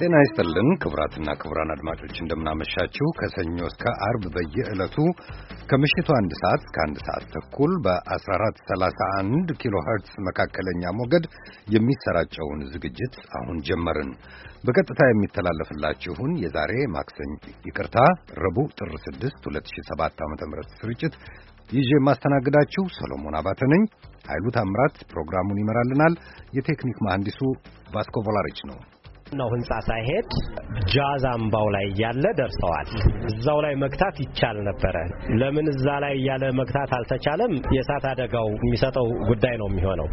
ጤና ይስጥልን ክቡራትና ክቡራን አድማጮች እንደምናመሻችሁ። ከሰኞ እስከ አርብ በየዕለቱ ከምሽቱ አንድ ሰዓት እስከ አንድ ሰዓት ተኩል በ1431 ኪሎ ኸርትዝ መካከለኛ ሞገድ የሚሰራጨውን ዝግጅት አሁን ጀመርን። በቀጥታ የሚተላለፍላችሁን የዛሬ ማክሰኝ ይቅርታ ረቡዕ ጥር 6 2007 ዓ ም ስርጭት ይዤ የማስተናግዳችሁ ሰሎሞን አባተ ነኝ። ኃይሉ ታምራት ፕሮግራሙን ይመራልናል። የቴክኒክ መሐንዲሱ ቫስኮ ቮላሪች ነው። ነው ህንጻ ሳይሄድ ጃዝ አምባው ላይ እያለ ደርሰዋል። እዛው ላይ መግታት ይቻል ነበረ። ለምን እዛ ላይ እያለ መግታት አልተቻለም? የእሳት አደጋው የሚሰጠው ጉዳይ ነው የሚሆነው።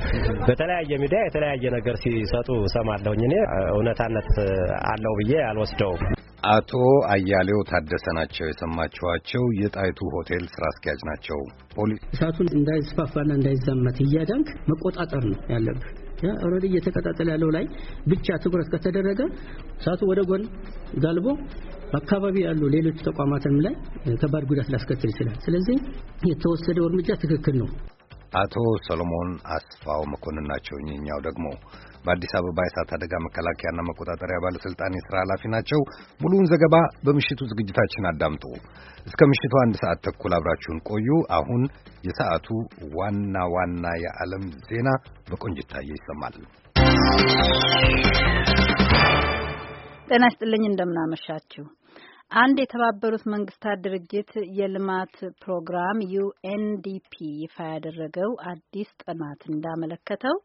በተለያየ ሚዲያ የተለያየ ነገር ሲሰጡ ሰማለሁኝ። እኔ እውነታነት አለው ብዬ አልወስደውም። አቶ አያሌው ታደሰ ናቸው የሰማችኋቸው። የጣይቱ ሆቴል ስራ አስኪያጅ ናቸው። ፖሊስ እሳቱን እንዳይስፋፋና እንዳይዛመት እያዳንክ መቆጣጠር ነው ያለብህ። ኦልሬዲ እየተቀጣጠለ ያለው ላይ ብቻ ትኩረት ከተደረገ እሳቱ ወደ ጎን ጋልቦ አካባቢ ያሉ ሌሎች ተቋማትም ላይ ከባድ ጉዳት ሊያስከትል ይችላል። ስለዚህ የተወሰደው እርምጃ ትክክል ነው። አቶ ሰሎሞን አስፋው መኮንን ናቸው። እኛው ደግሞ በአዲስ አበባ የእሳት አደጋ መከላከያና መቆጣጠሪያ ባለስልጣን የስራ ኃላፊ ናቸው። ሙሉውን ዘገባ በምሽቱ ዝግጅታችን አዳምጡ። እስከ ምሽቱ አንድ ሰዓት ተኩል አብራችሁን ቆዩ። አሁን የሰዓቱ ዋና ዋና የዓለም ዜና በቆንጅት ታየ ይሰማል። ጤና ይስጥልኝ። እንደምናመሻችሁ አንድ የተባበሩት መንግስታት ድርጅት የልማት ፕሮግራም ዩኤንዲፒ ይፋ ያደረገው አዲስ ጥናት እንዳመለከተው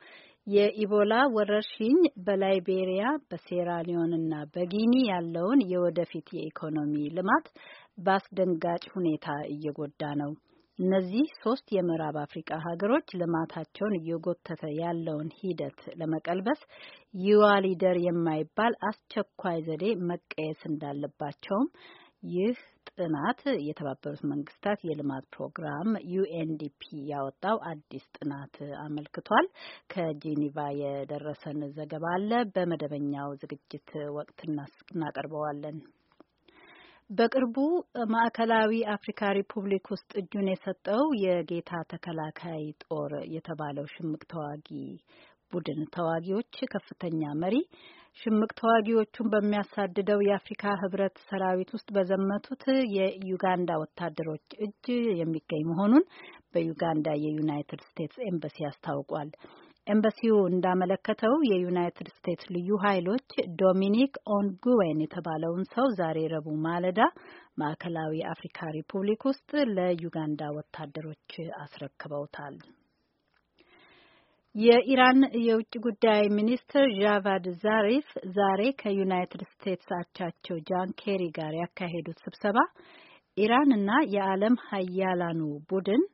የኢቦላ ወረርሽኝ በላይቤሪያ በሴራሊዮንና በጊኒ ያለውን የወደፊት የኢኮኖሚ ልማት በአስደንጋጭ ሁኔታ እየጎዳ ነው። እነዚህ ሶስት የምዕራብ አፍሪቃ ሀገሮች ልማታቸውን እየጎተተ ያለውን ሂደት ለመቀልበስ ዩዋ ሊደር የማይባል አስቸኳይ ዘዴ መቀየስ እንዳለባቸውም ይህ ጥናት የተባበሩት መንግስታት የልማት ፕሮግራም ዩኤንዲፒ ያወጣው አዲስ ጥናት አመልክቷል። ከጄኒቫ የደረሰን ዘገባ አለ። በመደበኛው ዝግጅት ወቅት እናቀርበዋለን። በቅርቡ ማዕከላዊ አፍሪካ ሪፑብሊክ ውስጥ እጁን የሰጠው የጌታ ተከላካይ ጦር የተባለው ሽምቅ ተዋጊ ቡድን ተዋጊዎች ከፍተኛ መሪ ሽምቅ ተዋጊዎቹን በሚያሳድደው የአፍሪካ ህብረት ሰራዊት ውስጥ በዘመቱት የዩጋንዳ ወታደሮች እጅ የሚገኝ መሆኑን በዩጋንዳ የዩናይትድ ስቴትስ ኤምባሲ አስታውቋል። ኤምባሲው እንዳመለከተው የዩናይትድ ስቴትስ ልዩ ኃይሎች ዶሚኒክ ኦንጉዌን የተባለውን ሰው ዛሬ ረቡዕ ማለዳ ማዕከላዊ አፍሪካ ሪፑብሊክ ውስጥ ለዩጋንዳ ወታደሮች አስረክበውታል። የኢራን የውጭ ጉዳይ ሚኒስትር ዣቫድ ዛሪፍ ዛሬ ከዩናይትድ ስቴትስ አቻቸው ጃን ኬሪ ጋር ያካሄዱት ስብሰባ ኢራንና የዓለም ሀያላኑ ቡድን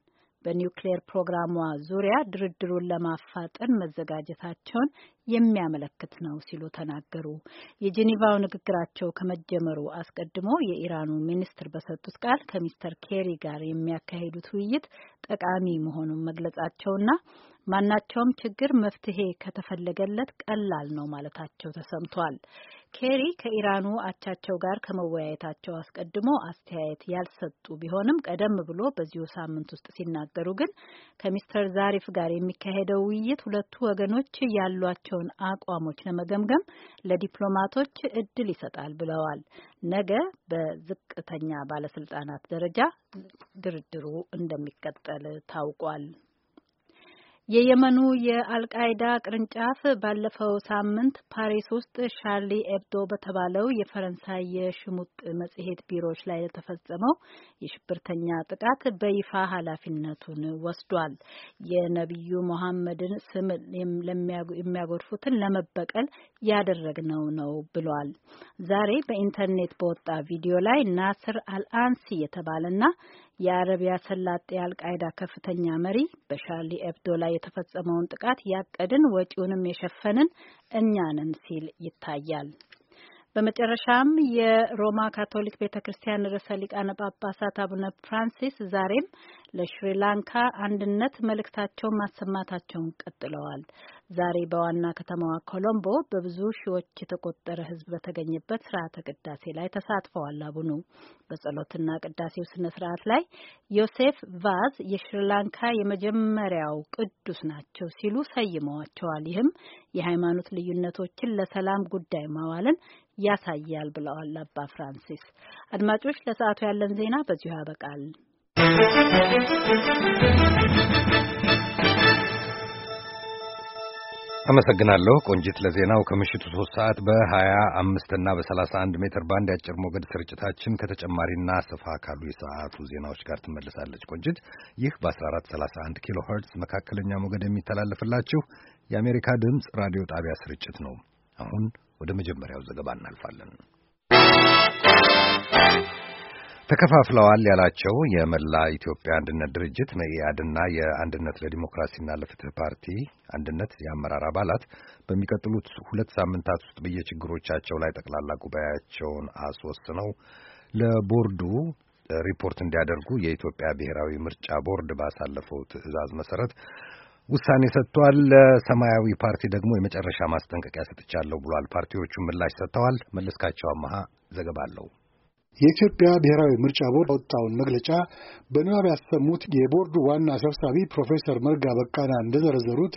በኒውክሌር ፕሮግራሟ ዙሪያ ድርድሩን ለማፋጠን መዘጋጀታቸውን የሚያመለክት ነው ሲሉ ተናገሩ። የጄኔቫው ንግግራቸው ከመጀመሩ አስቀድሞ የኢራኑ ሚኒስትር በሰጡት ቃል ከሚስተር ኬሪ ጋር የሚያካሂዱት ውይይት ጠቃሚ መሆኑን መግለጻቸውና ማናቸውም ችግር መፍትሄ ከተፈለገለት ቀላል ነው ማለታቸው ተሰምቷል። ኬሪ ከኢራኑ አቻቸው ጋር ከመወያየታቸው አስቀድሞ አስተያየት ያልሰጡ ቢሆንም ቀደም ብሎ በዚሁ ሳምንት ውስጥ ሲናገሩ ግን ከሚስተር ዛሪፍ ጋር የሚካሄደው ውይይት ሁለቱ ወገኖች ያሏቸውን አቋሞች ለመገምገም ለዲፕሎማቶች እድል ይሰጣል ብለዋል። ነገ በዝቅተኛ ባለስልጣናት ደረጃ ድርድሩ እንደሚቀጠል ታውቋል። የየመኑ የአልቃይዳ ቅርንጫፍ ባለፈው ሳምንት ፓሪስ ውስጥ ሻርሊ ኤብዶ በተባለው የፈረንሳይ የሽሙጥ መጽሔት ቢሮዎች ላይ ለተፈጸመው የሽብርተኛ ጥቃት በይፋ ኃላፊነቱን ወስዷል። የነቢዩ መሐመድን ስም የሚያጎድፉትን ለመበቀል ያደረግነው ነው ብሏል። ዛሬ በኢንተርኔት በወጣ ቪዲዮ ላይ ናስር አልአንሲ የተባለና የአረቢያ ሰላጤ አልቃይዳ ከፍተኛ መሪ በሻርሊ ኤብዶ ላይ የተፈጸመውን ጥቃት ያቀድን ወጪውንም የሸፈንን እኛንን ሲል ይታያል። በመጨረሻም የሮማ ካቶሊክ ቤተ ክርስቲያን ርዕሰ ሊቃነ ጳጳሳት አቡነ ፍራንሲስ ዛሬም ለሽሪላንካ አንድነት መልእክታቸውን ማሰማታቸውን ቀጥለዋል። ዛሬ በዋና ከተማዋ ኮሎምቦ በብዙ ሺዎች የተቆጠረ ሕዝብ በተገኘበት ስርዓተ ቅዳሴ ላይ ተሳትፈዋል። አቡኑ በጸሎትና ቅዳሴው ስነ ስርዓት ላይ ዮሴፍ ቫዝ የሽሪላንካ የመጀመሪያው ቅዱስ ናቸው ሲሉ ሰይመዋቸዋል። ይህም የሃይማኖት ልዩነቶችን ለሰላም ጉዳይ ማዋልን ያሳያል ብለዋል አባ ፍራንሲስ። አድማጮች፣ ለሰዓቱ ያለን ዜና በዚሁ ያበቃል። አመሰግናለሁ ቆንጂት ለዜናው። ከምሽቱ ሶስት ሰዓት በሀያ አምስት እና በሰላሳ አንድ ሜትር ባንድ የአጭር ሞገድ ስርጭታችን ከተጨማሪና ሰፋ ካሉ የሰዓቱ ዜናዎች ጋር ትመልሳለች። ቆንጂት፣ ይህ በ 1431 ኪሎ ኸርትዝ መካከለኛ ሞገድ የሚተላለፍላችሁ የአሜሪካ ድምፅ ራዲዮ ጣቢያ ስርጭት ነው። አሁን ወደ መጀመሪያው ዘገባ እናልፋለን። ተከፋፍለዋል ያላቸው የመላ ኢትዮጵያ አንድነት ድርጅት መኢአድና የአንድነት ለዲሞክራሲና ለፍትህ ፓርቲ አንድነት የአመራር አባላት በሚቀጥሉት ሁለት ሳምንታት ውስጥ በየችግሮቻቸው ላይ ጠቅላላ ጉባኤያቸውን አስወስነው ለቦርዱ ሪፖርት እንዲያደርጉ የኢትዮጵያ ብሔራዊ ምርጫ ቦርድ ባሳለፈው ትዕዛዝ መሰረት ውሳኔ ሰጥቷል። ለሰማያዊ ፓርቲ ደግሞ የመጨረሻ ማስጠንቀቂያ ሰጥቻለሁ ብሏል። ፓርቲዎቹ ምላሽ ሰጥተዋል። መለስካቸው አመሃ ዘገባ አለው። የኢትዮጵያ ብሔራዊ ምርጫ ቦርድ ያወጣውን መግለጫ በንባብ ያሰሙት የቦርዱ ዋና ሰብሳቢ ፕሮፌሰር መርጋ በቃና እንደዘረዘሩት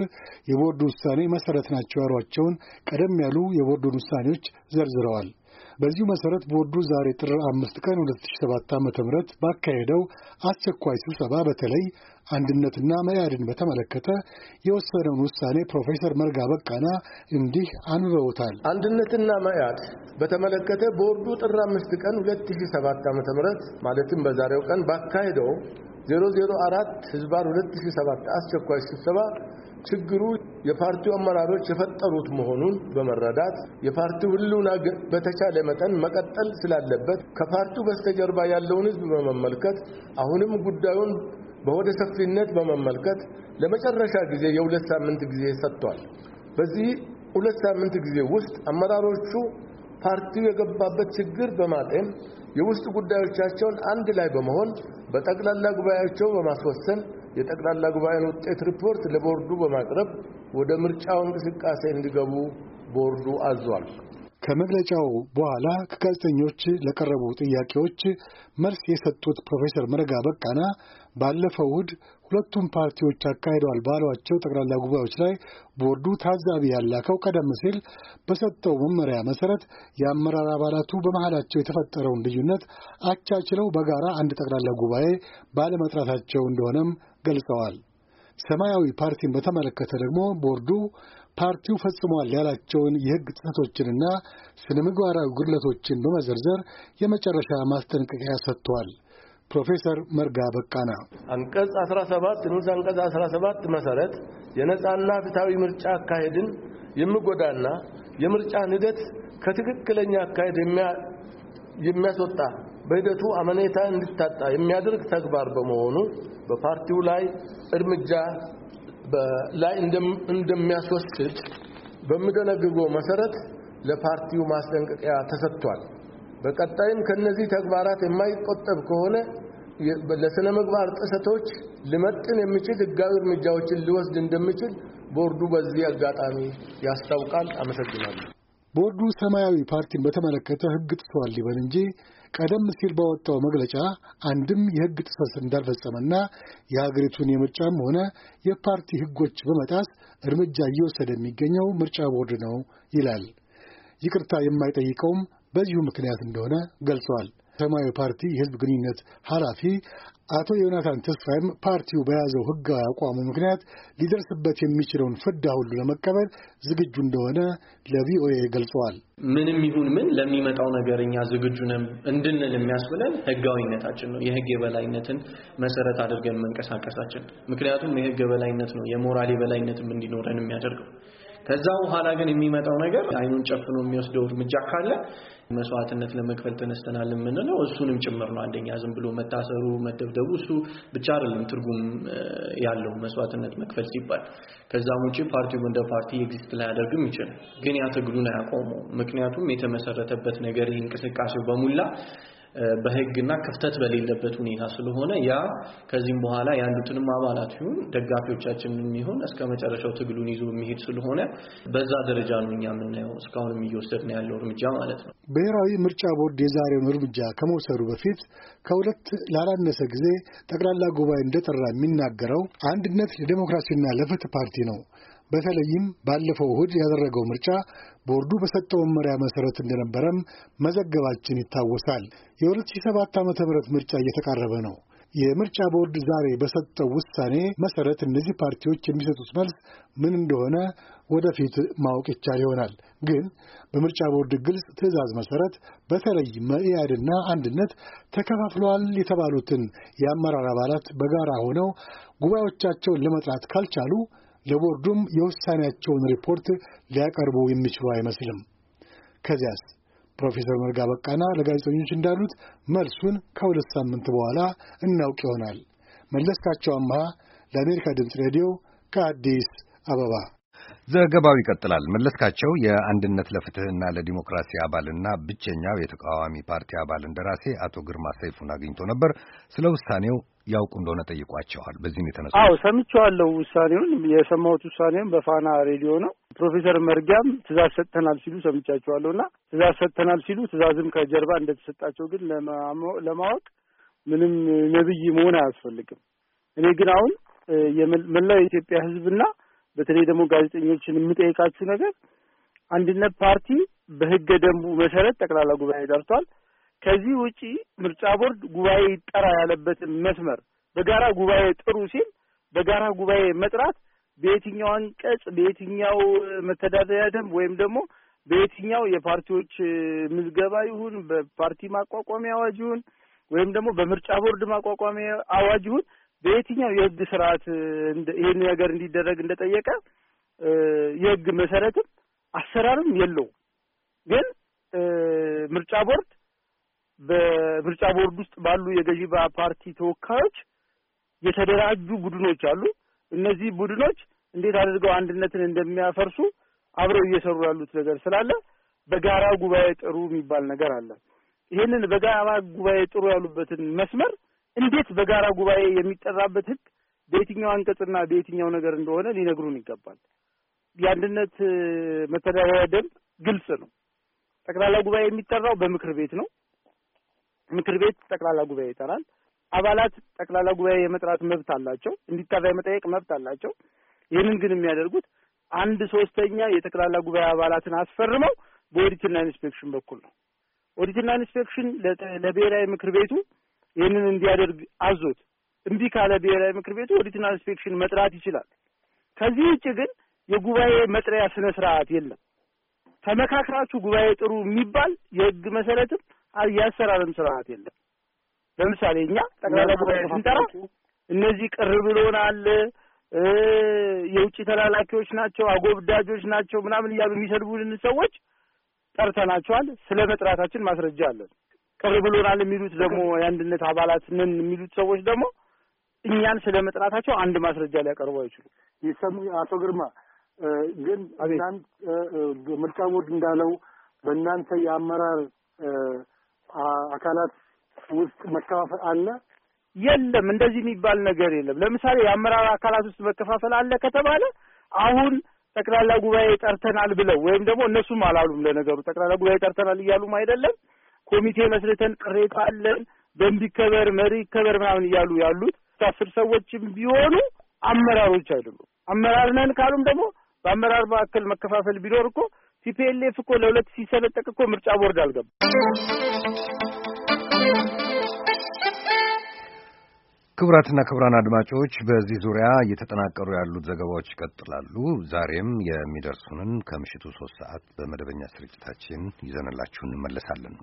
የቦርዱ ውሳኔ መሠረት ናቸው ያሏቸውን ቀደም ያሉ የቦርዱን ውሳኔዎች ዘርዝረዋል። በዚሁ መሠረት ቦርዱ ዛሬ ጥር አምስት ቀን 2007 ዓ ም ባካሄደው አስቸኳይ ስብሰባ በተለይ አንድነትና መያድን በተመለከተ የወሰነውን ውሳኔ ፕሮፌሰር መርጋ በቃና እንዲህ አንብበውታል። አንድነትና መያድ በተመለከተ ቦርዱ ጥር አምስት ቀን 2007 ዓ.ም ማለትም በዛሬው ቀን ባካሄደው 004 ህዝባር 2007 አስቸኳይ ስብሰባ ችግሩ የፓርቲው አመራሮች የፈጠሩት መሆኑን በመረዳት የፓርቲው ህልውና በተቻለ መጠን መቀጠል ስላለበት ከፓርቲው በስተጀርባ ያለውን ህዝብ በመመልከት አሁንም ጉዳዩን በወደ ሰፊነት በመመልከት ለመጨረሻ ጊዜ የሁለት ሳምንት ጊዜ ሰጥቷል። በዚህ ሁለት ሳምንት ጊዜ ውስጥ አመራሮቹ ፓርቲው የገባበት ችግር በማጤም የውስጥ ጉዳዮቻቸውን አንድ ላይ በመሆን በጠቅላላ ጉባኤያቸው በማስወሰን የጠቅላላ ጉባኤን ውጤት ሪፖርት ለቦርዱ በማቅረብ ወደ ምርጫው እንቅስቃሴ እንዲገቡ ቦርዱ አዟል። ከመግለጫው በኋላ ከጋዜጠኞች ለቀረቡ ጥያቄዎች መልስ የሰጡት ፕሮፌሰር መረጋ በቃና ባለፈው እሁድ ሁለቱም ፓርቲዎች አካሂደዋል ባሏቸው ጠቅላላ ጉባኤዎች ላይ ቦርዱ ታዛቢ ያላከው ቀደም ሲል በሰጠው መመሪያ መሰረት የአመራር አባላቱ በመሃላቸው የተፈጠረውን ልዩነት አቻችለው በጋራ አንድ ጠቅላላ ጉባኤ ባለመጥራታቸው እንደሆነም ገልጸዋል። ሰማያዊ ፓርቲን በተመለከተ ደግሞ ቦርዱ ፓርቲው ፈጽሟል ያላቸውን የሕግ ጥሰቶችንና ስነ ምግባራዊ ጉድለቶችን በመዘርዘር የመጨረሻ ማስጠንቀቂያ ሰጥቷል። ፕሮፌሰር መርጋ በቃና አንቀጽ 17 ንዑስ አንቀጽ 17 መሰረት የነጻና ፍትሐዊ ምርጫ አካሄድን የሚጎዳና የምርጫን ሂደት ከትክክለኛ አካሄድ የሚያስወጣ በሂደቱ አመኔታ እንዲታጣ የሚያደርግ ተግባር በመሆኑ በፓርቲው ላይ እርምጃ ላይ እንደሚያስወስድ በሚደነግገው መሰረት ለፓርቲው ማስጠንቀቂያ ተሰጥቷል። በቀጣይም ከነዚህ ተግባራት የማይቆጠብ ከሆነ ለስነ ምግባር ጥሰቶች ልመጥን የሚችል ህጋዊ እርምጃዎችን ሊወስድ እንደሚችል ቦርዱ በዚህ አጋጣሚ ያስታውቃል። አመሰግናለሁ። ቦርዱ ሰማያዊ ፓርቲን በተመለከተ ህግ ጥሷል ሊበል እንጂ ቀደም ሲል ባወጣው መግለጫ አንድም የህግ ጥሰት እንዳልፈጸመና የሀገሪቱን የምርጫም ሆነ የፓርቲ ህጎች በመጣስ እርምጃ እየወሰደ የሚገኘው ምርጫ ቦርድ ነው ይላል። ይቅርታ የማይጠይቀውም በዚሁ ምክንያት እንደሆነ ገልጿል። ሰማያዊ ፓርቲ የህዝብ ግንኙነት ኃላፊ አቶ ዮናታን ተስፋይም ፓርቲው በያዘው ህጋዊ አቋሙ ምክንያት ሊደርስበት የሚችለውን ፍዳ ሁሉ ለመቀበል ዝግጁ እንደሆነ ለቪኦኤ ገልጸዋል። ምንም ይሁን ምን ለሚመጣው ነገር እኛ ዝግጁ ነን እንድንል የሚያስብለን ህጋዊነታችን ነው፣ የህግ የበላይነትን መሰረት አድርገን መንቀሳቀሳችን። ምክንያቱም የህግ የበላይነት ነው የሞራል የበላይነትም እንዲኖረን የሚያደርገው ከዛ በኋላ ግን የሚመጣው ነገር አይኑን ጨፍኖ የሚወስደው እርምጃ ካለ መስዋዕትነት ለመክፈል ተነስተናል የምንለው እሱንም ጭምር ነው። አንደኛ ዝም ብሎ መታሰሩ፣ መደብደቡ እሱ ብቻ አይደለም ትርጉም ያለው መስዋዕትነት መክፈል ሲባል። ከዛም ውጭ ፓርቲው እንደ ፓርቲ ኤግዚስት ላያደርግም ይችላል፣ ግን ያ ትግሉን አያቆመው። ምክንያቱም የተመሰረተበት ነገር ይህ እንቅስቃሴው በሙላ በህግና ክፍተት በሌለበት ሁኔታ ስለሆነ ያ ከዚህም በኋላ ያሉትንም አባላት ይሁን ደጋፊዎቻችን ይሁን እስከ መጨረሻው ትግሉን ይዞ የሚሄድ ስለሆነ በዛ ደረጃ ነው እኛ የምናየው እስካሁንም እየወሰድን ያለው እርምጃ ማለት ነው። ብሔራዊ ምርጫ ቦርድ የዛሬውን እርምጃ ከመውሰዱ በፊት ከሁለት ላላነሰ ጊዜ ጠቅላላ ጉባኤ እንደጠራ የሚናገረው አንድነት ለዴሞክራሲና ለፍትህ ፓርቲ ነው። በተለይም ባለፈው እሁድ ያደረገው ምርጫ ቦርዱ በሰጠው መመሪያ መሰረት እንደነበረም መዘገባችን ይታወሳል። የ2007 ዓ ም ምርጫ እየተቃረበ ነው። የምርጫ ቦርድ ዛሬ በሰጠው ውሳኔ መሰረት እነዚህ ፓርቲዎች የሚሰጡት መልስ ምን እንደሆነ ወደፊት ማወቅ ይቻል ይሆናል። ግን በምርጫ ቦርድ ግልጽ ትዕዛዝ መሰረት በተለይ መኢአድና አንድነት ተከፋፍለዋል የተባሉትን የአመራር አባላት በጋራ ሆነው ጉባኤዎቻቸውን ለመጥራት ካልቻሉ ለቦርዱም የውሳኔያቸውን ሪፖርት ሊያቀርቡ የሚችሉ አይመስልም። ከዚያስ ፕሮፌሰር መርጋ በቃና ለጋዜጠኞች እንዳሉት መልሱን ከሁለት ሳምንት በኋላ እናውቅ ይሆናል። መለስካቸው አምሃ ለአሜሪካ ድምፅ ሬዲዮ ከአዲስ አበባ ዘገባው ይቀጥላል። መለስካቸው የአንድነት ለፍትህና ለዲሞክራሲ አባልና ብቸኛው የተቃዋሚ ፓርቲ አባል እንደራሴ አቶ ግርማ ሰይፉን አግኝቶ ነበር። ስለ ውሳኔው ያውቁ እንደሆነ ጠይቋቸዋል። በዚህም የተነሳ አዎ ሰምቼዋለሁ። ውሳኔውን የሰማሁት ውሳኔውን በፋና ሬዲዮ ነው። ፕሮፌሰር መርጊያም ትእዛዝ ሰጥተናል ሲሉ ሰምቻቸዋለሁ እና ትእዛዝ ሰጥተናል ሲሉ ትእዛዝም ከጀርባ እንደተሰጣቸው ግን ለማወቅ ምንም ነብይ መሆን አያስፈልግም። እኔ ግን አሁን መላው የኢትዮጵያ ሕዝብና በተለይ ደግሞ ጋዜጠኞችን የምጠይቃችሁ ነገር አንድነት ፓርቲ በህገ ደንቡ መሰረት ጠቅላላ ጉባኤ ጠርቷል። ከዚህ ውጪ ምርጫ ቦርድ ጉባኤ ይጠራ ያለበትን መስመር በጋራ ጉባኤ ጥሩ ሲል በጋራ ጉባኤ መጥራት በየትኛው አንቀጽ በየትኛው መተዳደሪያ ደንብ ወይም ደግሞ በየትኛው የፓርቲዎች ምዝገባ ይሁን በፓርቲ ማቋቋሚያ አዋጅ ይሁን ወይም ደግሞ በምርጫ ቦርድ ማቋቋሚያ አዋጅ ይሁን በየትኛው የሕግ ስርዓት ይህን ነገር እንዲደረግ እንደጠየቀ የሕግ መሰረትም አሰራርም የለውም። ግን ምርጫ ቦርድ በምርጫ ቦርድ ውስጥ ባሉ የገዢ ፓርቲ ተወካዮች የተደራጁ ቡድኖች አሉ። እነዚህ ቡድኖች እንዴት አድርገው አንድነትን እንደሚያፈርሱ አብረው እየሰሩ ያሉት ነገር ስላለ በጋራ ጉባኤ ጥሩ የሚባል ነገር አለ። ይህንን በጋራ ጉባኤ ጥሩ ያሉበትን መስመር እንዴት በጋራ ጉባኤ የሚጠራበት ህግ በየትኛው አንቀጽና በየትኛው ነገር እንደሆነ ሊነግሩን ይገባል። የአንድነት መተዳደሪያ ደንብ ግልጽ ነው። ጠቅላላ ጉባኤ የሚጠራው በምክር ቤት ነው። ምክር ቤት ጠቅላላ ጉባኤ ይጠራል። አባላት ጠቅላላ ጉባኤ የመጥራት መብት አላቸው፣ እንዲጠራ የመጠየቅ መብት አላቸው። ይህንን ግን የሚያደርጉት አንድ ሶስተኛ የጠቅላላ ጉባኤ አባላትን አስፈርመው በኦዲትና ኢንስፔክሽን በኩል ነው። ኦዲትና ኢንስፔክሽን ለብሔራዊ ምክር ቤቱ ይህንን እንዲያደርግ አዞት፣ እምቢ ካለ ብሔራዊ ምክር ቤቱ ኦዲትና ኢንስፔክሽን መጥራት ይችላል። ከዚህ ውጭ ግን የጉባኤ መጥሪያ ስነ ስርዓት የለም። ተመካክራችሁ ጉባኤ ጥሩ የሚባል የህግ መሰረትም የአሰራርም ስርዓት የለም። ለምሳሌ እኛ ጠቅላላ ጉባኤ ስንጠራ እነዚህ ቅር ብሎናል፣ የውጭ ተላላኪዎች ናቸው፣ አጎብዳጆች ናቸው ምናምን እያሉ የሚሰድቡልን ሰዎች ጠርተናቸዋል። ስለ መጥራታችን ማስረጃ አለን። ቅር ብሎናል የሚሉት ደግሞ የአንድነት አባላት ነን የሚሉት ሰዎች ደግሞ እኛን ስለ መጥራታቸው አንድ ማስረጃ ሊያቀርቡ አይችሉም። ይሰሙ አቶ ግርማ ግን ምርጫ ቦርድ እንዳለው በእናንተ የአመራር አካላት ውስጥ መከፋፈል አለ? የለም። እንደዚህ የሚባል ነገር የለም። ለምሳሌ የአመራር አካላት ውስጥ መከፋፈል አለ ከተባለ አሁን ጠቅላላ ጉባኤ ጠርተናል ብለው ወይም ደግሞ እነሱም አላሉም። ለነገሩ ጠቅላላ ጉባኤ ጠርተናል እያሉም አይደለም። ኮሚቴ መስርተን ቅሬታ አለን፣ ደንብ ይከበር፣ መሪ ይከበር ምናምን እያሉ ያሉት አስር ሰዎችም ቢሆኑ አመራሮች አይደሉም። አመራር ነን ካሉም ደግሞ በአመራር መካከል መከፋፈል ቢኖር እኮ ቲፒኤልኤፍ እኮ ለሁለት ሲሰነጠቅ እኮ ምርጫ ቦርድ አልገባ። ክቡራትና ክቡራን አድማጮች በዚህ ዙሪያ እየተጠናቀሩ ያሉት ዘገባዎች ይቀጥላሉ። ዛሬም የሚደርሱንን ከምሽቱ ሶስት ሰዓት በመደበኛ ስርጭታችን ይዘንላችሁ እንመለሳለን።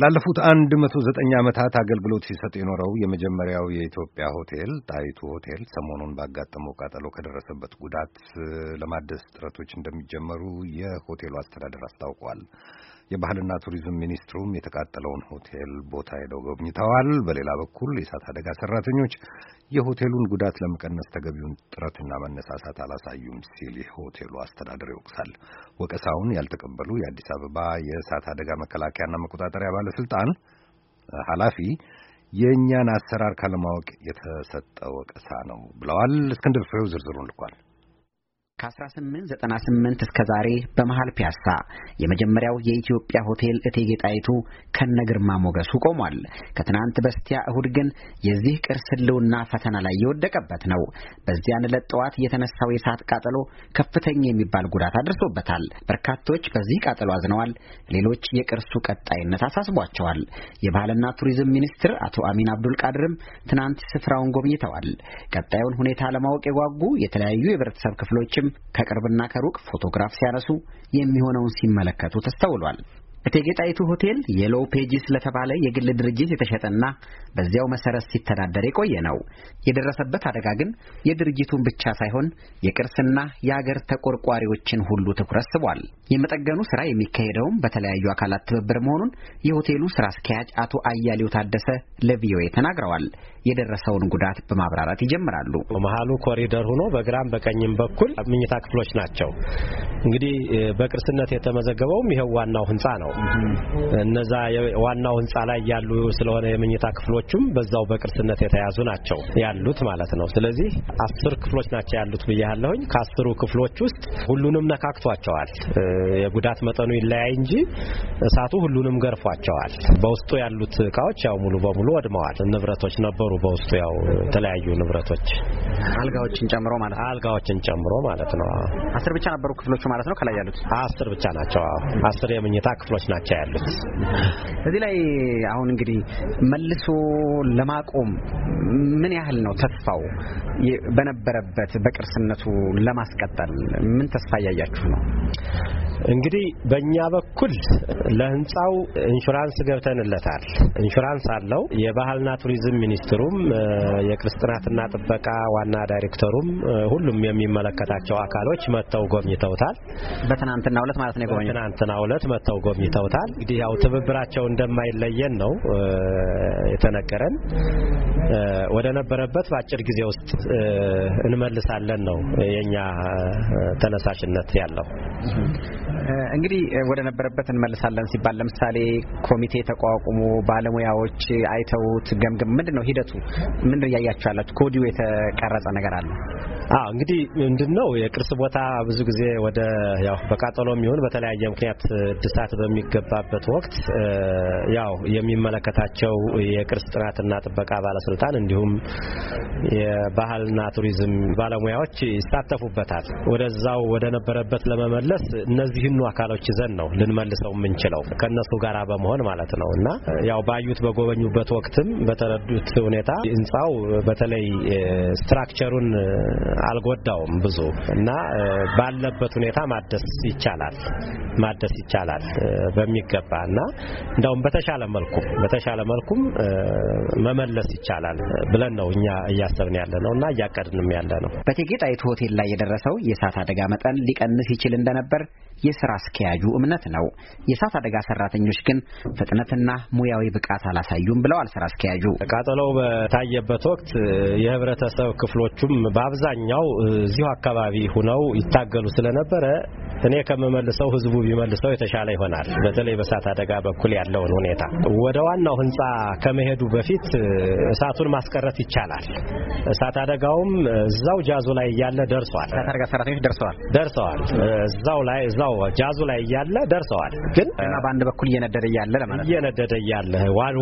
ላለፉት አንድ መቶ ዘጠኝ ዓመታት አገልግሎት ሲሰጥ የኖረው የመጀመሪያው የኢትዮጵያ ሆቴል ጣይቱ ሆቴል ሰሞኑን ባጋጠመው ቃጠሎ ከደረሰበት ጉዳት ለማደስ ጥረቶች እንደሚጀመሩ የሆቴሉ አስተዳደር አስታውቋል። የባህልና ቱሪዝም ሚኒስትሩም የተቃጠለውን ሆቴል ቦታ ሄደው ጎብኝተዋል። በሌላ በኩል የእሳት አደጋ ሰራተኞች የሆቴሉን ጉዳት ለመቀነስ ተገቢውን ጥረትና መነሳሳት አላሳዩም ሲል የሆቴሉ አስተዳደር ይወቅሳል። ወቀሳውን ያልተቀበሉ የአዲስ አበባ የእሳት አደጋ መከላከያና መቆጣጠሪያ ባለስልጣን ኃላፊ የእኛን አሰራር ካለማወቅ የተሰጠ ወቀሳ ነው ብለዋል። እስክንድር ፍሬው ዝርዝሩን ልኳል። ከ1898 እስከ ዛሬ በመሃል ፒያሳ የመጀመሪያው የኢትዮጵያ ሆቴል እቴጌ ጣይቱ ከነ ግርማ ሞገሱ ቆሟል። ከትናንት በስቲያ እሁድ ግን የዚህ ቅርስ ልውና ፈተና ላይ የወደቀበት ነው። በዚያን ዕለት ጠዋት የተነሳው የእሳት ቃጠሎ ከፍተኛ የሚባል ጉዳት አድርሶበታል። በርካቶች በዚህ ቃጠሎ አዝነዋል፣ ሌሎች የቅርሱ ቀጣይነት አሳስቧቸዋል። የባህልና ቱሪዝም ሚኒስትር አቶ አሚን አብዱልቃድርም ትናንት ስፍራውን ጎብኝተዋል። ቀጣዩን ሁኔታ ለማወቅ የጓጉ የተለያዩ የህብረተሰብ ክፍሎች ሰዎችም ከቅርብና ከሩቅ ፎቶግራፍ ሲያነሱ የሚሆነውን ሲመለከቱ ተስተውሏል። እቴጌ ጣይቱ ሆቴል የሎው ፔጅስ ለተባለ የግል ድርጅት የተሸጠና በዚያው መሰረት ሲተዳደር የቆየ ነው። የደረሰበት አደጋ ግን የድርጅቱን ብቻ ሳይሆን የቅርስና የአገር ተቆርቋሪዎችን ሁሉ ትኩረት ስቧል። የመጠገኑ ስራ የሚካሄደውም በተለያዩ አካላት ትብብር መሆኑን የሆቴሉ ስራ አስኪያጅ አቶ አያሌው ታደሰ ለቪኦኤ ተናግረዋል። የደረሰውን ጉዳት በማብራራት ይጀምራሉ። መሀሉ ኮሪደር ሆኖ በግራም በቀኝም በኩል ምኝታ ክፍሎች ናቸው። እንግዲህ በቅርስነት የተመዘገበውም ይኸው ዋናው ህንፃ ነው። እነዛ ዋናው ህንጻ ላይ ያሉ ስለሆነ የመኝታ ክፍሎቹም በዛው በቅርስነት የተያዙ ናቸው ያሉት ማለት ነው። ስለዚህ አስር ክፍሎች ናቸው ያሉት ብያለሁኝ። ከአስሩ ክፍሎች ውስጥ ሁሉንም ነካክቷቸዋል። የጉዳት መጠኑ ይለያይ እንጂ እሳቱ ሁሉንም ገርፏቸዋል። በውስጡ ያሉት እቃዎች ያው ሙሉ በሙሉ ወድመዋል። ንብረቶች ነበሩ በውስጡ ያው የተለያዩ ንብረቶች አልጋዎችን ጨምሮ ማለት ነው። አልጋዎችን ጨምሮ ማለት ነው። አስር ብቻ ነበሩ ክፍሎቹ ማለት ነው። ከላይ ያሉት አስር ብቻ ናቸው። አስር የመኝታ ክፍሎች ሁኔታዎች ናቸው ያሉት። እዚህ ላይ አሁን እንግዲህ መልሶ ለማቆም ምን ያህል ነው ተስፋው? በነበረበት በቅርስነቱ ለማስቀጠል ምን ተስፋ እያያችሁ ነው? እንግዲህ በእኛ በኩል ለህንፃው ኢንሹራንስ ገብተንለታል። ኢንሹራንስ አለው። የባህልና ቱሪዝም ሚኒስትሩም የቅርስ ጥናትና ጥበቃ ዋና ዳይሬክተሩም ሁሉም የሚመለከታቸው አካሎች መጥተው ጎብኝተውታል። በትናንትና ዕለት ማለት ነው። በትናንትና ዕለት መጥተው ጎብኝ አግኝተውታል። እንግዲህ ያው ትብብራቸው እንደማይለየን ነው የተነገረን። ወደ ነበረበት በአጭር ጊዜ ውስጥ እንመልሳለን ነው የኛ ተነሳሽነት ያለው። እንግዲህ ወደ ነበረበት እንመልሳለን ሲባል ለምሳሌ ኮሚቴ ተቋቁሞ ባለሙያዎች አይተውት ገምግም ምንድን ነው ሂደቱ? ምንድን እያያችሁ ያላችሁ? ከወዲሁ የተቀረጸ ነገር አለ? አዎ እንግዲህ ምንድነው የቅርስ ቦታ ብዙ ጊዜ ወደ ያው በቃጠሎም ይሁን በተለያየ ምክንያት እድሳት በሚ በሚገባበት ወቅት ያው የሚመለከታቸው የቅርስ ጥናትና ጥበቃ ባለስልጣን እንዲሁም የባህልና ቱሪዝም ባለሙያዎች ይሳተፉበታል። ወደዛው ወደነበረበት ለመመለስ እነዚህኑ አካሎች ይዘን ነው ልንመልሰው የምንችለው ከነሱ ጋር በመሆን ማለት ነው እና ያው ባዩት በጎበኙበት ወቅትም በተረዱት ሁኔታ ህንፃው በተለይ ስትራክቸሩን አልጎዳውም ብዙ እና ባለበት ሁኔታ ማደስ ይቻላል ማደስ ይቻላል። በሚገባ እና እንደውም በተሻለ መልኩ በተሻለ መልኩም መመለስ ይቻላል ብለን ነው እኛ እያሰብን ያለ ነው እና እያቀድንም ያለ ነው። በእቴጌ ጣይቱ ሆቴል ላይ የደረሰው የእሳት አደጋ መጠን ሊቀንስ ይችል እንደነበር የስራ አስኪያጁ እምነት ነው። የእሳት አደጋ ሰራተኞች ግን ፍጥነትና ሙያዊ ብቃት አላሳዩም ብለዋል ስራ አስኪያጁ። ቃጠሎው በታየበት ወቅት የህብረተሰብ ክፍሎቹም በአብዛኛው እዚሁ አካባቢ ሁነው ይታገሉ ስለነበረ እኔ ከምመልሰው ህዝቡ ቢመልሰው የተሻለ ይሆናል። በተለይ በእሳት አደጋ በኩል ያለውን ሁኔታ ወደ ዋናው ህንፃ ከመሄዱ በፊት እሳቱን ማስቀረት ይቻላል። እሳት አደጋውም እዛው ጃዙ ላይ እያለ ደርሷል። እሳት አደጋ ሰራተኞች ደርሰዋል ደርሰዋል እዛው ላይ እዛው ጃዙ ላይ እያለ ደርሰዋል። ግን እና በአንድ በኩል እየነደደ እያለ ለማለት እየነደደ እያለ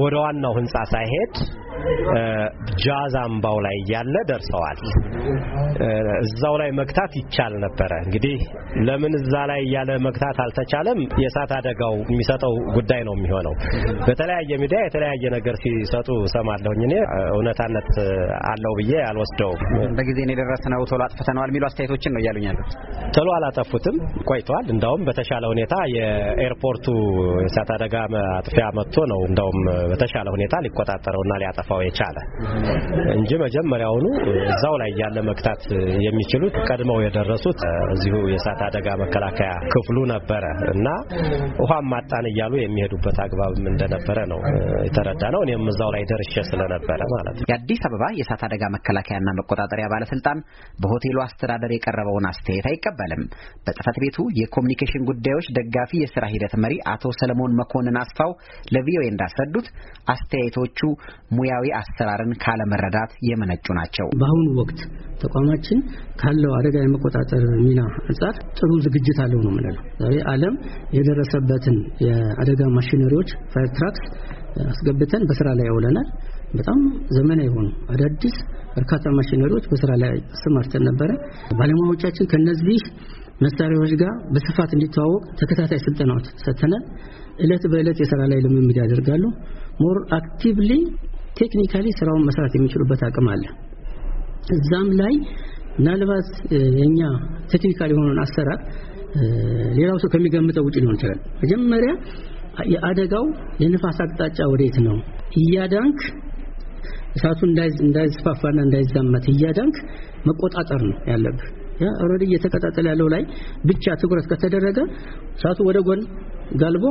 ወደ ዋናው ህንፃ ሳይሄድ ጃዝ አምባው ላይ እያለ ደርሰዋል። እዛው ላይ መግታት ይቻል ነበረ። እንግዲህ ለምን እዛ ላይ እያለ መግታት አልተቻለም? የእሳት አደጋ የሚዘጋው የሚሰጠው ጉዳይ ነው የሚሆነው። በተለያየ ሚዲያ የተለያየ ነገር ሲሰጡ ሰማለሁኝ። እኔ እውነታነት አለው ብዬ አልወስደውም። በጊዜ ነው የደረስነው ቶሎ አጥፍተነዋል የሚሉ አስተያየቶችን ነው እያሉኝ ያሉት። ቶሎ አላጠፉትም፣ ቆይተዋል። እንዳውም በተሻለ ሁኔታ የኤርፖርቱ የእሳት አደጋ አጥፊያ መጥቶ ነው እንዳውም በተሻለ ሁኔታ ሊቆጣጠረውና ሊያጠፋው የቻለ እንጂ መጀመሪያውኑ እዛው ላይ ያለ መግታት የሚችሉት ቀድመው የደረሱት እዚሁ የእሳት አደጋ መከላከያ ክፍሉ ነበረ እና ውሃ ማጣን እያሉ የሚሄዱበት አግባብም እንደነበረ ነው የተረዳ ነው። እኔም እዛው ላይ ደርሼ ስለነበረ ማለት ነው። የአዲስ አበባ የእሳት አደጋ መከላከያና መቆጣጠሪያ ባለስልጣን በሆቴሉ አስተዳደር የቀረበውን አስተያየት አይቀበልም። በጽህፈት ቤቱ የኮሚኒኬሽን ጉዳዮች ደጋፊ የስራ ሂደት መሪ አቶ ሰለሞን መኮንን አስፋው ለቪኦኤ እንዳስረዱት አስተያየቶቹ ሙያዊ አሰራርን ካለመረዳት የመነጩ ናቸው። በአሁኑ ወቅት ተቋማችን ካለው አደጋ የመቆጣጠር ሚና አንጻር ጥሩ ዝግጅት አለው ነው ምንለው። ዛሬ ዓለም የደረሰበት ያሉትን የአደጋ ማሽነሪዎች ፋየር ትራክስ አስገብተን በስራ ላይ ያውለናል። በጣም ዘመናዊ የሆኑ አዳዲስ በርካታ ማሽነሪዎች በስራ ላይ አሰማርተን ነበረ። ባለሙያዎቻችን ከነዚህ መሳሪያዎች ጋር በስፋት እንዲተዋወቅ ተከታታይ ስልጠናዎች ሰጥተናል። እለት በእለት የስራ ላይ ልምምድ ያደርጋሉ። ሞር አክቲቭሊ ቴክኒካሊ ስራውን መስራት የሚችሉበት አቅም አለ። እዛም ላይ ምናልባት የኛ ቴክኒካል የሆነውን አሰራር ሌላው ሰው ከሚገምተው ውጭ ሊሆን ይችላል። መጀመሪያ የአደጋው የንፋስ አቅጣጫ ወዴት ነው? እያዳንክ እሳቱ እንዳይስፋፋና እንዳይዛመት እያዳንክ መቆጣጠር ነው ያለብህ። ያ ኦልሬዲ እየተቀጣጠለ ያለው ላይ ብቻ ትኩረት ከተደረገ እሳቱ ወደ ጎን ጋልቦ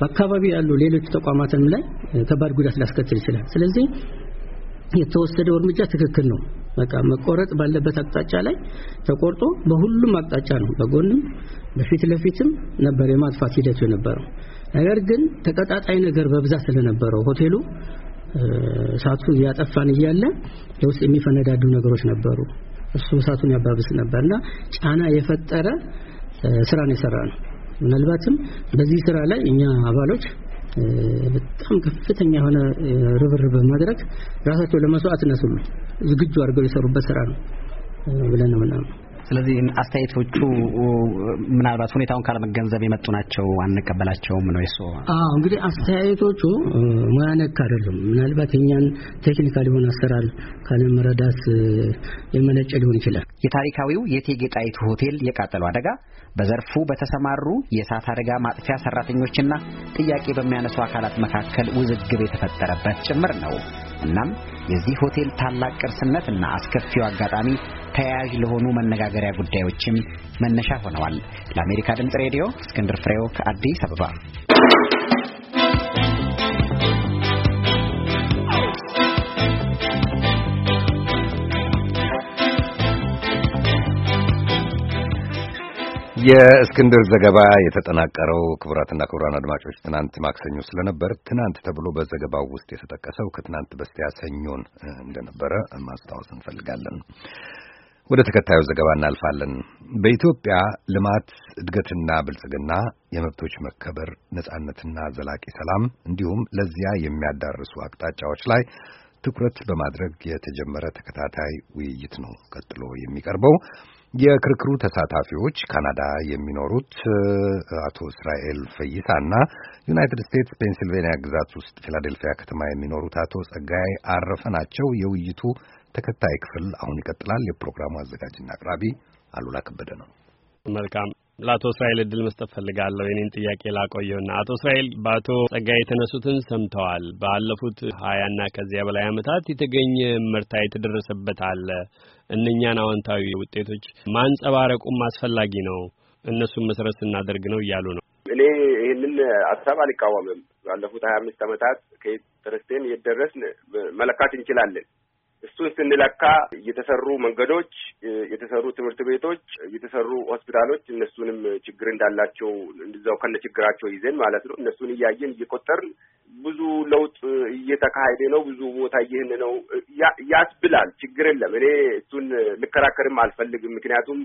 በአካባቢ ያሉ ሌሎች ተቋማትም ላይ ከባድ ጉዳት ሊያስከትል ይችላል። ስለዚህ የተወሰደው እርምጃ ትክክል ነው። በቃ መቆረጥ ባለበት አቅጣጫ ላይ ተቆርጦ በሁሉም አቅጣጫ ነው፣ በጎንም በፊት ለፊትም ነበር የማጥፋት ሂደቱ የነበረው። ነገር ግን ተቀጣጣይ ነገር በብዛት ስለነበረው ሆቴሉ እሳቱ እያጠፋን እያለ ለውስጥ የሚፈነዳዱ ነገሮች ነበሩ። እሱ እሳቱን ያባብስ ነበርና ጫና የፈጠረ ስራ ነው የሰራ ነው። ምናልባትም በዚህ ስራ ላይ እኛ አባሎች በጣም ከፍተኛ የሆነ ርብርብ በማድረግ ራሳቸው ለመስዋዕትነት ሁሉ ዝግጁ አድርገው የሰሩበት ስራ ነው ብለን ነው ምናምን ስለዚህ አስተያየቶቹ ምናልባት ሁኔታውን ካለመገንዘብ የመጡ ናቸው፣ አንቀበላቸውም ነው የሱ። አዎ እንግዲህ አስተያየቶቹ ሙያ ነክ አይደሉም። ምናልባት እኛን ቴክኒካል የሆነ አሰራር ካለመረዳት የመነጨ ሊሆን ይችላል። የታሪካዊው የእቴጌ ጣይቱ ሆቴል የቃጠሎ አደጋ በዘርፉ በተሰማሩ የእሳት አደጋ ማጥፊያ ሰራተኞችና ጥያቄ በሚያነሱ አካላት መካከል ውዝግብ የተፈጠረበት ጭምር ነው። እናም የዚህ ሆቴል ታላቅ ቅርስነትና አስከፊው አጋጣሚ ተያያዥ ለሆኑ መነጋገሪያ ጉዳዮችም መነሻ ሆነዋል። ለአሜሪካ ድምፅ ሬዲዮ እስክንድር ፍሬው ከአዲስ አበባ የእስክንድር ዘገባ የተጠናቀረው ክቡራትና ክቡራን አድማጮች ትናንት ማክሰኞ ስለነበር ትናንት ተብሎ በዘገባው ውስጥ የተጠቀሰው ከትናንት በስቲያ ሰኞን እንደነበረ ማስታወስ እንፈልጋለን። ወደ ተከታዩ ዘገባ እናልፋለን። በኢትዮጵያ ልማት እድገትና ብልጽግና፣ የመብቶች መከበር፣ ነጻነትና ዘላቂ ሰላም እንዲሁም ለዚያ የሚያዳርሱ አቅጣጫዎች ላይ ትኩረት በማድረግ የተጀመረ ተከታታይ ውይይት ነው ቀጥሎ የሚቀርበው። የክርክሩ ተሳታፊዎች ካናዳ የሚኖሩት አቶ እስራኤል እና ዩናይትድ ስቴትስ ፔንሲልቬንያ ግዛት ውስጥ ፊላዴልፊያ ከተማ የሚኖሩት አቶ ጸጋይ አረፈ ናቸው። የውይይቱ ተከታይ ክፍል አሁን ይቀጥላል። የፕሮግራሙ አዘጋጅና አቅራቢ አሉላ ከበደ ነው። መልካም ለአቶ እስራኤል እድል መስጠት ፈልጋለሁ። የኔን ጥያቄ ላቆየውና አቶ እስራኤል በአቶ ጸጋ የተነሱትን ሰምተዋል። ባለፉት ሀያና ከዚያ በላይ ዓመታት የተገኘ ምርታ የተደረሰበት አለ። እነኛን አዎንታዊ ውጤቶች ማንጸባረቁም አስፈላጊ ነው። እነሱን መሰረት ስናደርግ ነው እያሉ ነው። እኔ ይህንን ሀሳብ አልቃወምም። ባለፉት ሀያ አምስት ዓመታት ከየት ተነስተን የት ደረስን መለካት እንችላለን። እሱን ስንለካ የተሰሩ መንገዶች፣ የተሰሩ ትምህርት ቤቶች፣ የተሰሩ ሆስፒታሎች እነሱንም ችግር እንዳላቸው እንደዚያው ከነ ችግራቸው ይዘን ማለት ነው እነሱን እያየን እየቆጠርን ብዙ ለውጥ እየተካሄደ ነው፣ ብዙ ቦታ እየህን ነው ያስብላል። ችግር የለም። እኔ እሱን ልከራከርም አልፈልግም። ምክንያቱም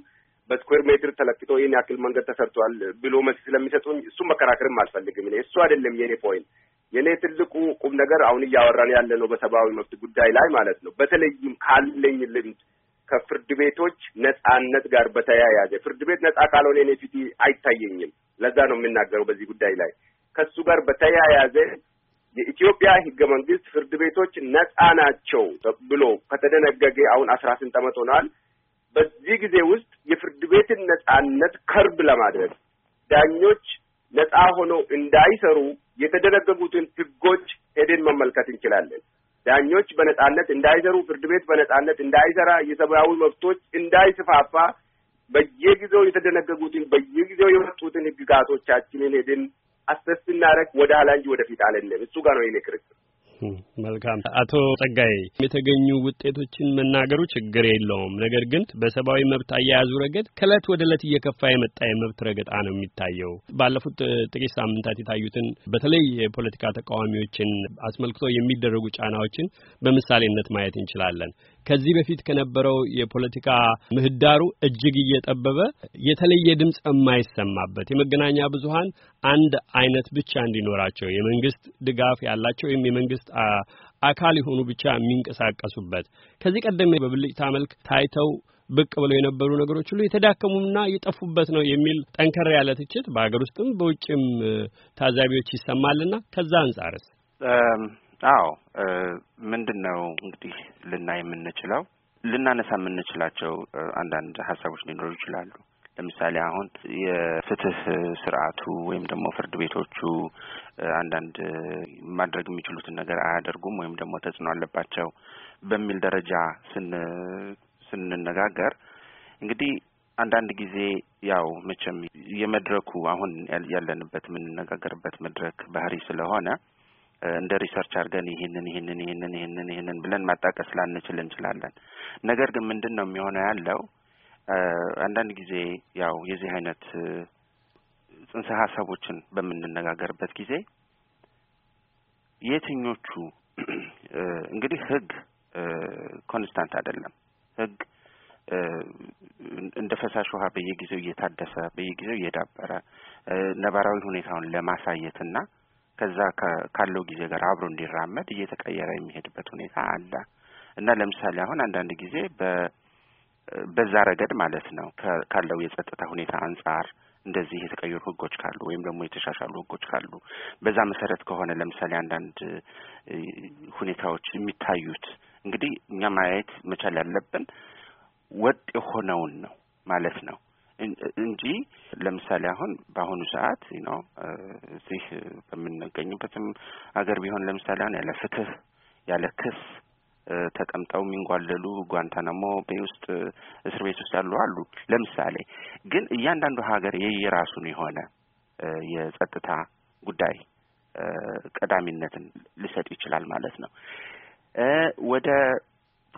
በስኩዌር ሜትር ተለክቶ ይህን ያክል መንገድ ተሰርቷል ብሎ መልስ ስለሚሰጡኝ እሱን መከራከርም አልፈልግም። እኔ እሱ አይደለም የእኔ ፖይንት። የእኔ ትልቁ ቁም ነገር አሁን እያወራን ያለ ነው በሰብአዊ መብት ጉዳይ ላይ ማለት ነው። በተለይም ካለኝ ልምድ ከፍርድ ቤቶች ነጻነት ጋር በተያያዘ ፍርድ ቤት ነጻ ካልሆነ እኔ ፊት አይታየኝም። ለዛ ነው የምናገረው በዚህ ጉዳይ ላይ ከሱ ጋር በተያያዘ የኢትዮጵያ ህገ መንግስት ፍርድ ቤቶች ነጻ ናቸው ብሎ ከተደነገገ አሁን አስራ ስንት ዓመት ሆኗል። በዚህ ጊዜ ውስጥ የፍርድ ቤትን ነጻነት ከርብ ለማድረግ ዳኞች ነጻ ሆነው እንዳይሰሩ የተደነገጉትን ህጎች ሄደን መመልከት እንችላለን። ዳኞች በነጻነት እንዳይሰሩ፣ ፍርድ ቤት በነጻነት እንዳይሰራ፣ የሰብአዊ መብቶች እንዳይስፋፋ በየጊዜው የተደነገጉትን በየጊዜው የመጡትን ህግጋቶቻችንን ሄድን አሰስ ስናደርግ ወደ ኋላ እንጂ ወደፊት አለለም። እሱ ጋር ነው የኔ ክርክር። መልካም አቶ ጸጋዬ የተገኙ ውጤቶችን መናገሩ ችግር የለውም። ነገር ግን በሰብአዊ መብት አያያዙ ረገድ ከእለት ወደ እለት እየከፋ የመጣ የመብት ረገጣ ነው የሚታየው። ባለፉት ጥቂት ሳምንታት የታዩትን በተለይ የፖለቲካ ተቃዋሚዎችን አስመልክቶ የሚደረጉ ጫናዎችን በምሳሌነት ማየት እንችላለን። ከዚህ በፊት ከነበረው የፖለቲካ ምህዳሩ እጅግ እየጠበበ የተለየ ድምፅ የማይሰማበት የመገናኛ ብዙሀን አንድ አይነት ብቻ እንዲኖራቸው የመንግስት ድጋፍ ያላቸው ወይም የመንግስት አካል የሆኑ ብቻ የሚንቀሳቀሱበት ከዚህ ቀደም በብልጭታ መልክ ታይተው ብቅ ብለው የነበሩ ነገሮች ሁሉ የተዳከሙና የጠፉበት ነው የሚል ጠንከር ያለ ትችት በሀገር ውስጥም በውጭም ታዛቢዎች ይሰማልና ከዛ አንጻርስ አዎ ምንድን ነው እንግዲህ ልና የምንችለው ልናነሳ የምንችላቸው አንዳንድ ሀሳቦች ሊኖሩ ይችላሉ። ለምሳሌ አሁን የፍትህ ስርዓቱ ወይም ደግሞ ፍርድ ቤቶቹ አንዳንድ ማድረግ የሚችሉትን ነገር አያደርጉም ወይም ደግሞ ተጽዕኖ አለባቸው በሚል ደረጃ ስንነጋገር እንግዲህ አንዳንድ ጊዜ ያው መቼም የመድረኩ አሁን ያለንበት የምንነጋገርበት መድረክ ባህሪ ስለሆነ እንደ ሪሰርች አድርገን ይህንን ይህንን ይህንን ይህንን ይህንን ብለን ማጣቀስ ላንችል እንችላለን። ነገር ግን ምንድን ነው የሚሆነው ያለው አንዳንድ ጊዜ ያው የዚህ አይነት ጽንሰ ሀሳቦችን በምንነጋገርበት ጊዜ የትኞቹ እንግዲህ ህግ ኮንስታንት አይደለም። ህግ እንደ ፈሳሽ ውሃ በየጊዜው እየታደሰ በየጊዜው እየዳበረ ነባራዊ ሁኔታውን ለማሳየት እና ከዛ ካለው ጊዜ ጋር አብሮ እንዲራመድ እየተቀየረ የሚሄድበት ሁኔታ አለ እና ለምሳሌ አሁን አንዳንድ ጊዜ በዛ ረገድ ማለት ነው ካለው የጸጥታ ሁኔታ አንጻር እንደዚህ የተቀየሩ ህጎች ካሉ ወይም ደግሞ የተሻሻሉ ህጎች ካሉ በዛ መሰረት ከሆነ ለምሳሌ አንዳንድ ሁኔታዎች የሚታዩት እንግዲህ እኛ ማየት መቻል ያለብን ወጥ የሆነውን ነው ማለት ነው። እንጂ ለምሳሌ አሁን በአሁኑ ሰዓት ነው እዚህ በምንገኝበትም አገር ቢሆን ለምሳሌ አሁን ያለ ፍትህ ያለ ክስ ተቀምጠው የሚንጓለሉ ጓንታናሞ ቤ ውስጥ እስር ቤት ውስጥ ያሉ አሉ። ለምሳሌ ግን እያንዳንዱ ሀገር የየራሱን የሆነ የጸጥታ ጉዳይ ቀዳሚነትን ሊሰጥ ይችላል ማለት ነው። ወደ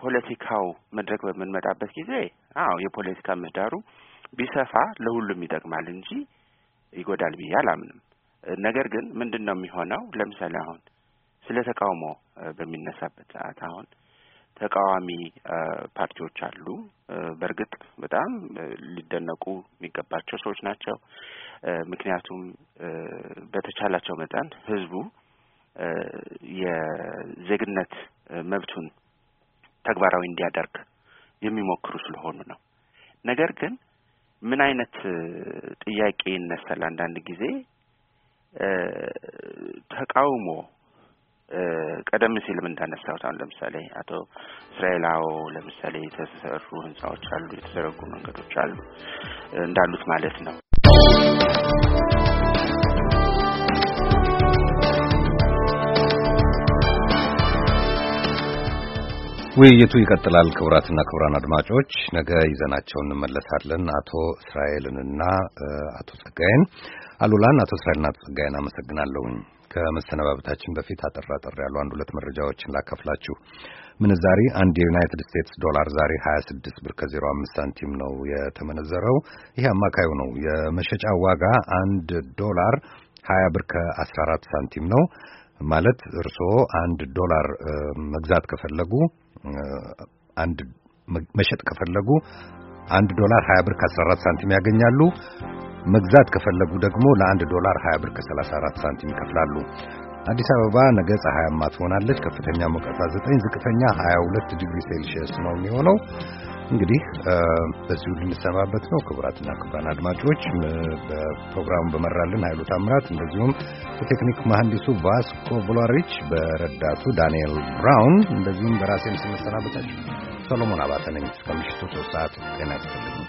ፖለቲካው መድረክ በምንመጣበት ጊዜ አዎ የፖለቲካ ምህዳሩ ቢሰፋ ለሁሉም ይጠቅማል እንጂ ይጎዳል ብዬ አላምንም። ነገር ግን ምንድን ነው የሚሆነው? ለምሳሌ አሁን ስለ ተቃውሞ በሚነሳበት ሰዓት አሁን ተቃዋሚ ፓርቲዎች አሉ። በእርግጥ በጣም ሊደነቁ የሚገባቸው ሰዎች ናቸው። ምክንያቱም በተቻላቸው መጠን ህዝቡ የዜግነት መብቱን ተግባራዊ እንዲያደርግ የሚሞክሩ ስለሆኑ ነው። ነገር ግን ምን አይነት ጥያቄ ይነሳል? አንዳንድ ጊዜ ተቃውሞ ቀደም ሲልም እንዳነሳሁት አሁን ለምሳሌ አቶ እስራኤላው ለምሳሌ የተሰሩ ህንጻዎች አሉ፣ የተዘረጉ መንገዶች አሉ እንዳሉት ማለት ነው። ውይይቱ ይቀጥላል። ክቡራትና ክቡራን አድማጮች ነገ ይዘናቸው እንመለሳለን። አቶ እስራኤልንና አቶ ጸጋዬን አሉላን፣ አቶ እስራኤልና አቶ ጸጋዬን አመሰግናለሁኝ። ከመሰነባበታችን በፊት አጠር አጠር ያሉ አንድ ሁለት መረጃዎችን ላካፍላችሁ። ምንዛሪ አንድ የዩናይትድ ስቴትስ ዶላር ዛሬ 26 ብር ከ05 ሳንቲም ነው የተመነዘረው። ይሄ አማካዩ ነው። የመሸጫ ዋጋ አንድ ዶላር 20 ብር ከ14 ሳንቲም ነው ማለት እርስዎ አንድ ዶላር መግዛት ከፈለጉ አንድ መሸጥ ከፈለጉ አንድ ዶላር 20 ብር ከ14 ሳንቲም ያገኛሉ። መግዛት ከፈለጉ ደግሞ ለአንድ ዶላር 20 ብር ከ34 ሳንቲም ይከፍላሉ። አዲስ አበባ ነገ ፀሐያማ ትሆናለች። ከፍተኛ ሙቀቷ 9፣ ዝቅተኛ 22 ዲግሪ ሴልሺየስ ነው የሚሆነው። እንግዲህ በዚሁ ልንሰማበት ነው። ክቡራትና ክቡራን አድማጮች በፕሮግራሙ በመራልን ኃይሉ ታምራት፣ እንደዚሁም በቴክኒክ መሐንዲሱ ቫስኮ ቮላሪች፣ በረዳቱ ዳንኤል ብራውን፣ እንደዚሁም በራሴም ስንሰናበታችሁ ሰሎሞን አባተ ነኝ። እስከ ምሽቱ ሶስት ሰዓት ጤና ይስጥልኝ።